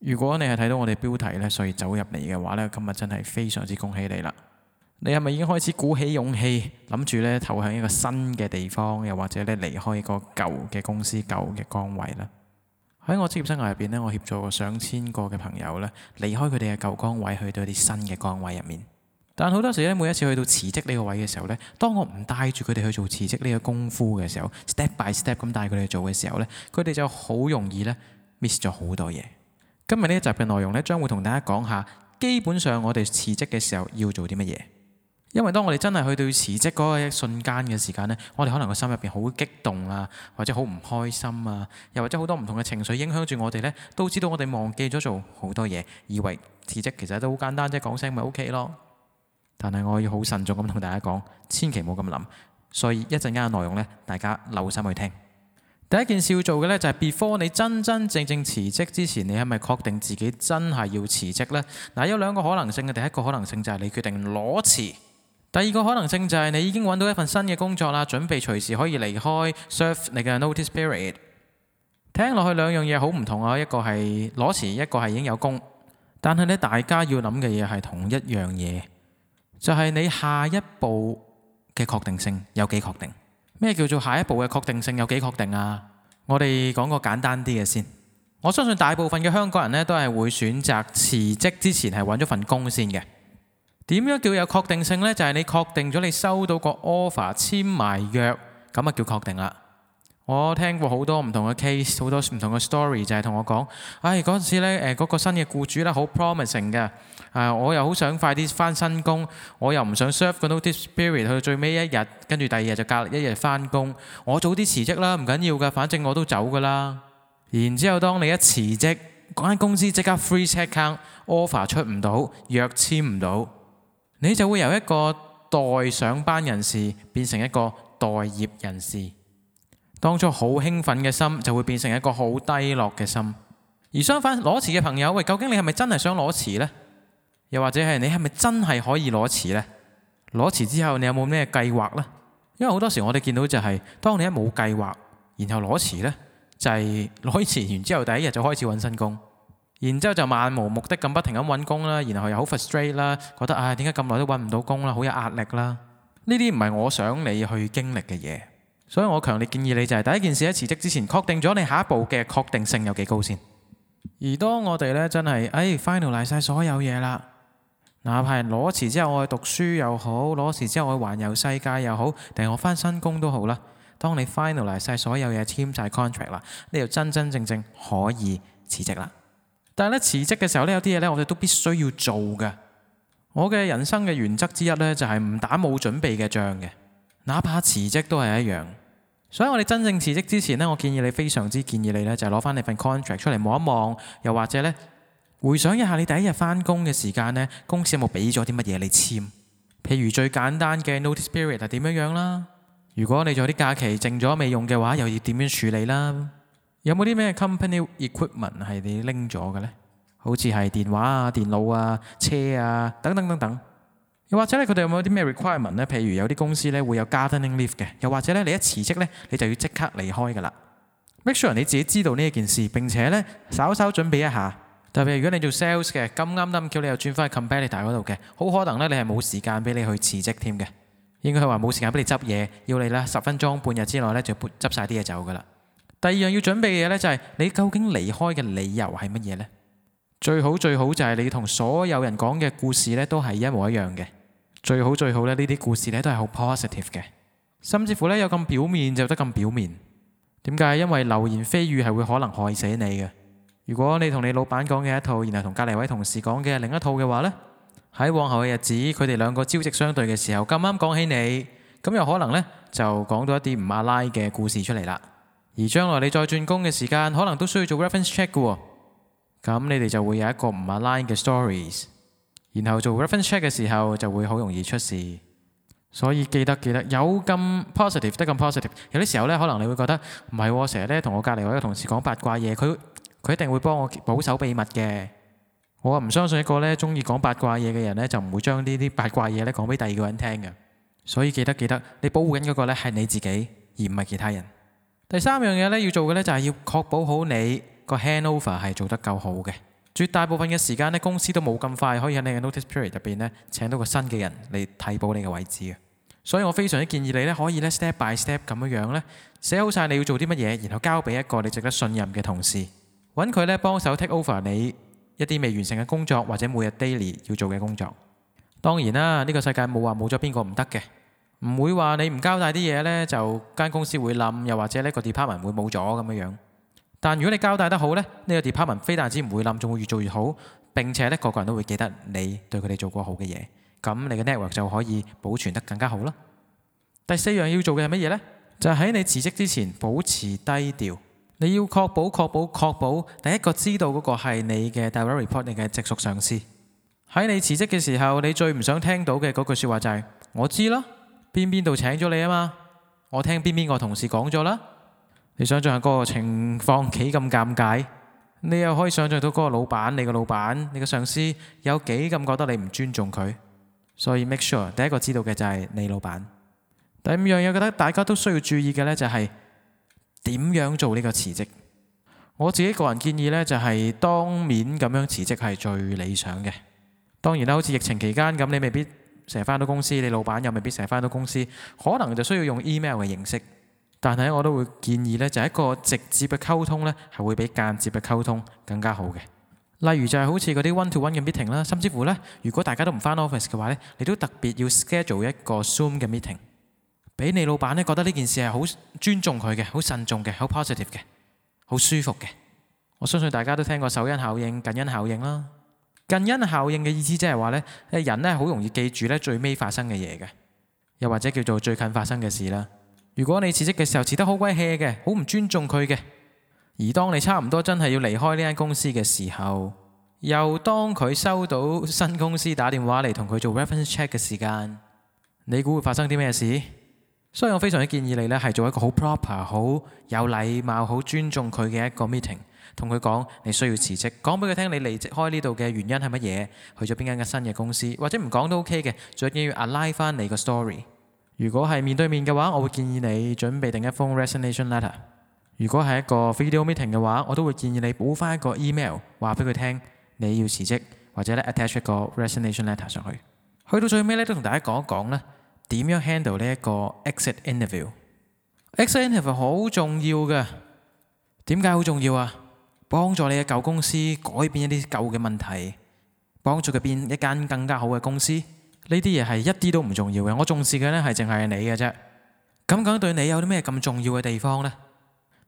如果你係睇到我哋標題呢，所以走入嚟嘅話呢，今日真係非常之恭喜你啦！你係咪已經開始鼓起勇氣，諗住呢投向一個新嘅地方，又或者呢離開一個舊嘅公司、舊嘅崗位呢？喺我職業生涯入邊呢，我協助過上千個嘅朋友呢，離開佢哋嘅舊崗位，去到一啲新嘅崗位入面。但好多時呢，每一次去到辭職呢個位嘅時候呢，當我唔帶住佢哋去做辭職呢個功夫嘅時候，step by step 咁帶佢哋去做嘅時候呢，佢哋就好容易呢 miss 咗好多嘢。今日呢一集嘅內容呢，將會同大家講下，基本上我哋辭職嘅時候要做啲乜嘢？因為當我哋真係去到辭職嗰個一瞬間嘅時間呢，我哋可能個心入邊好激動啊，或者好唔開心啊，又或者好多唔同嘅情緒影響住我哋呢，都知道我哋忘記咗做好多嘢，以為辭職其實都好簡單，啫，係講聲咪 O K 咯。但係我要好慎重咁同大家講，千祈冇咁諗。所以一陣間嘅內容呢，大家留心去聽。第一件事要做嘅呢，就係 before 你真真正正辭職之前，你係咪確定自己真係要辭職呢？嗱，有兩個可能性嘅。第一個可能性就係你決定攞辭；第二個可能性就係你已經揾到一份新嘅工作啦，準備隨時可以離開。Serve 你嘅 notice period，聽落去兩樣嘢好唔同啊！一個係攞辭，一個係已經有工。但係呢，大家要諗嘅嘢係同一樣嘢，就係你下一步嘅確定性有幾確定。咩叫做下一步嘅確定性有幾確定啊？我哋講個簡單啲嘅先。我相信大部分嘅香港人呢，都係會選擇辭職之前係揾咗份工先嘅。點樣叫有確定性呢？就係、是、你確定咗你收到個 offer，簽埋約，咁啊叫確定啦。我聽過好多唔同嘅 case，好多唔同嘅 story，就係同我講，唉、哎，嗰時呢，誒、呃、嗰、嗰個新嘅僱主呢，好 promising 嘅，啊、呃，我又好想快啲返新工，我又唔想 serve 個 notice period 去到最尾一日，跟住第二日就隔離一日返工，我早啲辭職啦，唔緊要噶，反正我都走噶啦。然之後，當你一辭職，嗰間公司即刻 free check out offer 出唔到，約簽唔到，你就會由一個待上班人士變成一個待業人士。當初好興奮嘅心就會變成一個好低落嘅心，而相反裸辭嘅朋友，喂，究竟你係咪真係想裸辭呢？又或者係你係咪真係可以裸辭呢？裸辭之後你有冇咩計劃呢？因為好多時我哋見到就係、是，當你一冇計劃，然後裸辭呢，就係裸辭完之後第一日就開始揾新工，然之後就漫無目的咁不停咁揾工啦，然後又好 frustrate 啦，覺得唉點解咁耐都揾唔到工啦，好有壓力啦，呢啲唔係我想你去經歷嘅嘢。所以我強烈建議你就係第一件事喺辭職之前確定咗你下一步嘅確定性有幾高先。而當我哋呢，真係誒 finalize 晒所有嘢啦，哪怕係攞辭之後我去讀書又好，攞辭之後我去環遊世界又好，定係我翻新工都好啦。當你 finalize 晒所有嘢，簽晒 contract 啦，你就真真正正可以辭職啦。但係呢，辭職嘅時候呢，有啲嘢呢，我哋都必須要做㗎。我嘅人生嘅原則之一呢，就係、是、唔打冇準備嘅仗嘅。哪怕辭職都係一樣，所以我哋真正辭職之前咧，我建議你非常之建議你咧，就係攞翻你份 contract 出嚟望一望，又或者咧回想一下你第一日返工嘅時間咧，公司有冇俾咗啲乜嘢你簽？譬如最簡單嘅 notice period 係點樣樣啦？如果你仲有啲假期剩咗未用嘅話，又要點樣處理啦？有冇啲咩 company equipment 係你拎咗嘅呢？好似係電話啊、電腦啊、車啊等等等等。又或者咧，佢哋有冇啲咩 requirement 咧？譬如有啲公司咧，會有 gardening leave 嘅。又或者咧，你一辭職咧，你就要即刻離開噶啦。Make sure 你自己知道呢一件事，並且咧，稍稍準備一下。特別如果你做 sales 嘅，咁啱啱叫你又轉翻去 competitor 嗰度嘅，好可能咧，你係冇時間俾你去辭職添嘅。應該佢話冇時間俾你執嘢，要你咧十分鐘、半日之內咧，就執晒啲嘢走噶啦。第二樣要準備嘅嘢咧，就係你究竟離開嘅理由係乜嘢呢？最好最好就係你同所有人講嘅故事咧，都係一模一樣嘅。最好最好咧，呢啲故事咧都係好 positive 嘅，甚至乎呢，有咁表面就得咁表面。點解？因為流言蜚語係會可能害死你嘅。如果你同你老闆講嘅一套，然後同隔離位同事講嘅另一套嘅話呢，喺往後嘅日子佢哋兩個朝夕相對嘅時候，咁啱講起你，咁又可能呢，就講到一啲唔 a 拉嘅故事出嚟啦。而將來你再進工嘅時間，可能都需要做 reference check 嘅喎。咁你哋就會有一個唔 a 拉嘅 stories。然後做 reference check 嘅時候就會好容易出事，所以記得記得有咁 positive 得咁 positive，有啲時候呢，可能你會覺得唔係喎，成日呢，同我隔離位嘅同事講八卦嘢，佢佢一定會幫我保守秘密嘅。我啊唔相信一個呢鍾意講八卦嘢嘅人呢，就唔會將呢啲八卦嘢呢講俾第二個人聽嘅。所以記得記得，你保護緊嗰個呢係你自己，而唔係其他人。第三樣嘢呢，要做嘅呢，就係要確保好你個 handover 係做得夠好嘅。絕大部分嘅時間呢，公司都冇咁快可以喺你嘅 notice period 入邊呢請到個新嘅人嚟替補你嘅位置嘅，所以我非常之建議你呢可以呢 step by step 咁樣樣呢寫好晒你要做啲乜嘢，然後交俾一個你值得信任嘅同事，揾佢呢幫手 take over 你一啲未完成嘅工作，或者每日 daily 要做嘅工作。當然啦，呢個世界冇話冇咗邊個唔得嘅，唔會話你唔交代啲嘢呢就間公司會冧，又或者呢個 department 會冇咗咁樣樣。但如果你交代得好呢，呢個 department 非但止唔會冧，仲會越做越好。並且咧，個個人都會記得你對佢哋做過好嘅嘢，咁你嘅 network 就可以保存得更加好啦。第四樣要做嘅係乜嘢呢？就係喺你辭職之前保持低調。你要確保、確保、確保、確保，第一個知道嗰個係你嘅 direct reporting 嘅直屬上司。喺你辭職嘅時候，你最唔想聽到嘅嗰句説話就係：我知啦，邊邊度請咗你啊嘛？我聽邊邊個同事講咗啦。你想像下嗰個情況幾咁尷尬？你又可以想像到嗰個老闆，你個老闆，你個上司有幾咁覺得你唔尊重佢？所以 make sure，第一個知道嘅就係你老闆。第五樣嘢，覺得大家都需要注意嘅呢就係點樣做呢個辭職。我自己個人建議呢就係當面咁樣辭職係最理想嘅。當然啦，好似疫情期間咁，你未必成日返到公司，你老闆又未必成日返到公司，可能就需要用 email 嘅形式。但係我都會建議呢，就一個直接嘅溝通呢，係會比間接嘅溝通更加好嘅。例如就係好似嗰啲 one-to-one 嘅 meeting 啦，甚至乎呢，如果大家都唔翻 office 嘅話呢，你都特別要 schedule 一個 Zoom 嘅 meeting，俾你老闆呢覺得呢件事係好尊重佢嘅，好慎重嘅，好 positive 嘅，好舒服嘅。我相信大家都聽過首因效應、近因效應啦。近因效應嘅意思即係話呢，人呢好容易記住呢最尾發生嘅嘢嘅，又或者叫做最近發生嘅事啦。如果你辭職嘅時候辭得好鬼 hea 嘅，好唔尊重佢嘅，而當你差唔多真係要離開呢間公司嘅時候，又當佢收到新公司打電話嚟同佢做 reference check 嘅時間，你估會發生啲咩事？所以我非常之建議你呢，係做一個好 proper、好有禮貌、好尊重佢嘅一個 meeting，同佢講你需要辭職，講俾佢聽你離職開呢度嘅原因係乜嘢，去咗邊間嘅新嘅公司，或者唔講都 OK 嘅，最緊要 align 翻你個 story。如果係面對面嘅話，我會建議你準備定一封 resignation letter。如果係一個 video meeting 嘅話，我都會建議你補翻一個 email 話俾佢聽你要辭職，或者咧 attach 一個 resignation letter 上去。去到最尾咧，都同大家講一講咧，點樣 handle 呢一個 exit interview。Exit interview 好重要嘅，點解好重要啊？幫助你嘅舊公司改變一啲舊嘅問題，幫助佢變一間更加好嘅公司。呢啲嘢係一啲都唔重要嘅，我重視嘅呢係淨係你嘅啫。咁講對你有啲咩咁重要嘅地方呢？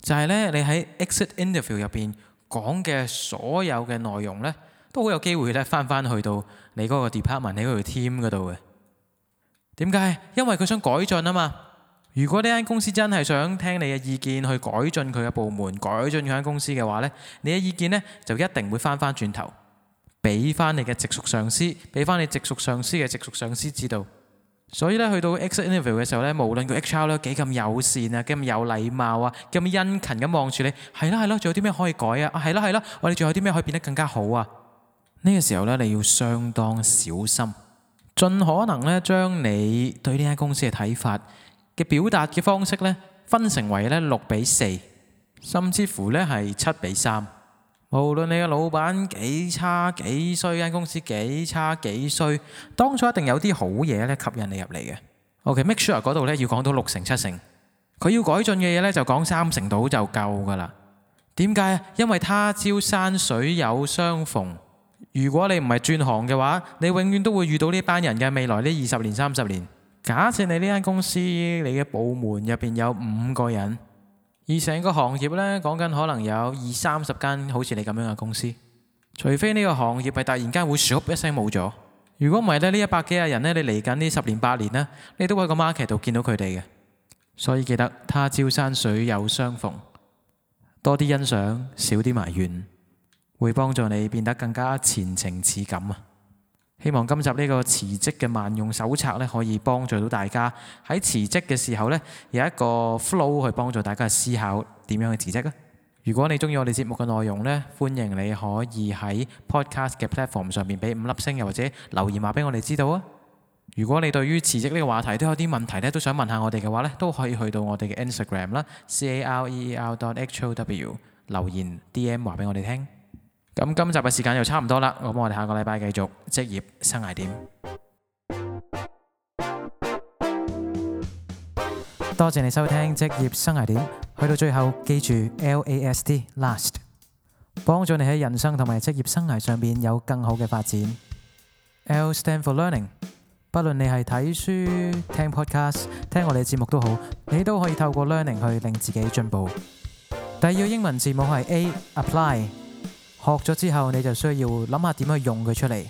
就係呢，你喺 exit interview 入邊講嘅所有嘅內容呢，都好有機會咧翻翻去到你嗰個 department、你嗰條 team 嗰度嘅。點解？因為佢想改進啊嘛。如果呢間公司真係想聽你嘅意見去改進佢嘅部門、改進佢間公司嘅話呢，你嘅意見呢就一定會翻翻轉頭。俾翻你嘅直屬上司，俾翻你直屬上司嘅直屬上司知道。所以咧，去到 exit interview 嘅時候呢，無論個 H R 咧幾咁友善啊，幾咁有禮貌啊，咁殷勤咁望住你，係啦係啦，仲有啲咩可以改啊？係啦係啦，我哋仲有啲咩可以變得更加好啊？呢個時候呢，你要相當小心，盡可能呢將你對呢間公司嘅睇法嘅表達嘅方式呢，分成為呢六比四，甚至乎呢係七比三。無論你嘅老闆幾差幾衰，間公司幾差幾衰，當初一定有啲好嘢咧吸引你入嚟嘅。OK，make sure 嗰度咧要講到六成七成，佢要改進嘅嘢咧就講三成到就夠噶啦。點解？因為他朝山水有相逢。如果你唔係轉行嘅話，你永遠都會遇到呢班人嘅未來呢二十年三十年。假設你呢間公司你嘅部門入邊有五個人。而成個行業呢，講緊可能有二三十間好似你咁樣嘅公司，除非呢個行業係突然間會咻一聲冇咗。如果唔係呢，呢一百幾廿人呢，你嚟緊呢十年八年呢，你都會喺個 market 度見到佢哋嘅。所以記得他朝山水有相逢，多啲欣賞，少啲埋怨，會幫助你變得更加前程似錦啊！希望今集呢個辭職嘅萬用手冊呢，可以幫助到大家喺辭職嘅時候呢，有一個 flow 去幫助大家思考點樣去辭職啊！如果你中意我哋節目嘅內容呢，歡迎你可以喺 podcast 嘅 platform 上面俾五粒星，又或者留言話俾我哋知道啊！如果你對於辭職呢個話題都有啲問題呢，都想問下我哋嘅話呢，都可以去到我哋嘅 Instagram 啦，c a r e e r dot h o w 留言 D M 話俾我哋聽。咁今集嘅時間就差唔多啦，咁我哋下個禮拜繼續職業生涯點。多謝你收聽職業生涯點，去到最後記住 L A S T last，幫助你喺人生同埋職業生涯上面有更好嘅發展。L stand for learning，不論你係睇書、聽 podcast、聽我哋節目都好，你都可以透過 learning 去令自己進步。第二英文字母係 A apply。學咗之後，你就需要諗下點樣用佢出嚟。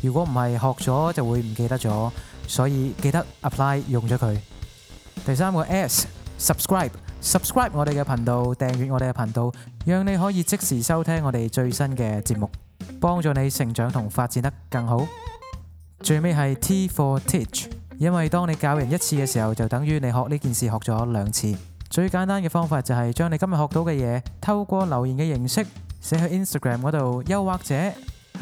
如果唔係學咗就會唔記得咗，所以記得 apply 用咗佢。第三個 S，subscribe，subscribe 我哋嘅頻道，訂閱我哋嘅頻道，讓你可以即時收聽我哋最新嘅節目，幫助你成長同發展得更好。最尾係 T for teach，因為當你教人一次嘅時候，就等於你學呢件事學咗兩次。最簡單嘅方法就係將你今日學到嘅嘢透過留言嘅形式。寫去 Instagram 嗰度，又或者喺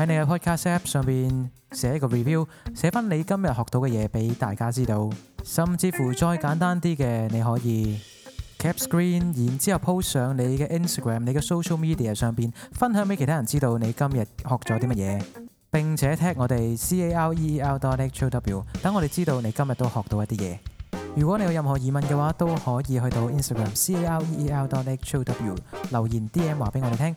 你嘅 Podcast App 上邊寫一個 review，寫翻你今日學到嘅嘢俾大家知道。甚至乎再簡單啲嘅，你可以 cap screen，然之後 post 上你嘅 Instagram、你嘅 social media 上邊分享俾其他人知道你今日學咗啲乜嘢，並且 tag 我哋 Career.how，等我哋知道你今日都學到一啲嘢。如果你有任何疑問嘅話，都可以去到 Instagram Career.how 留言 D M 話俾我哋聽。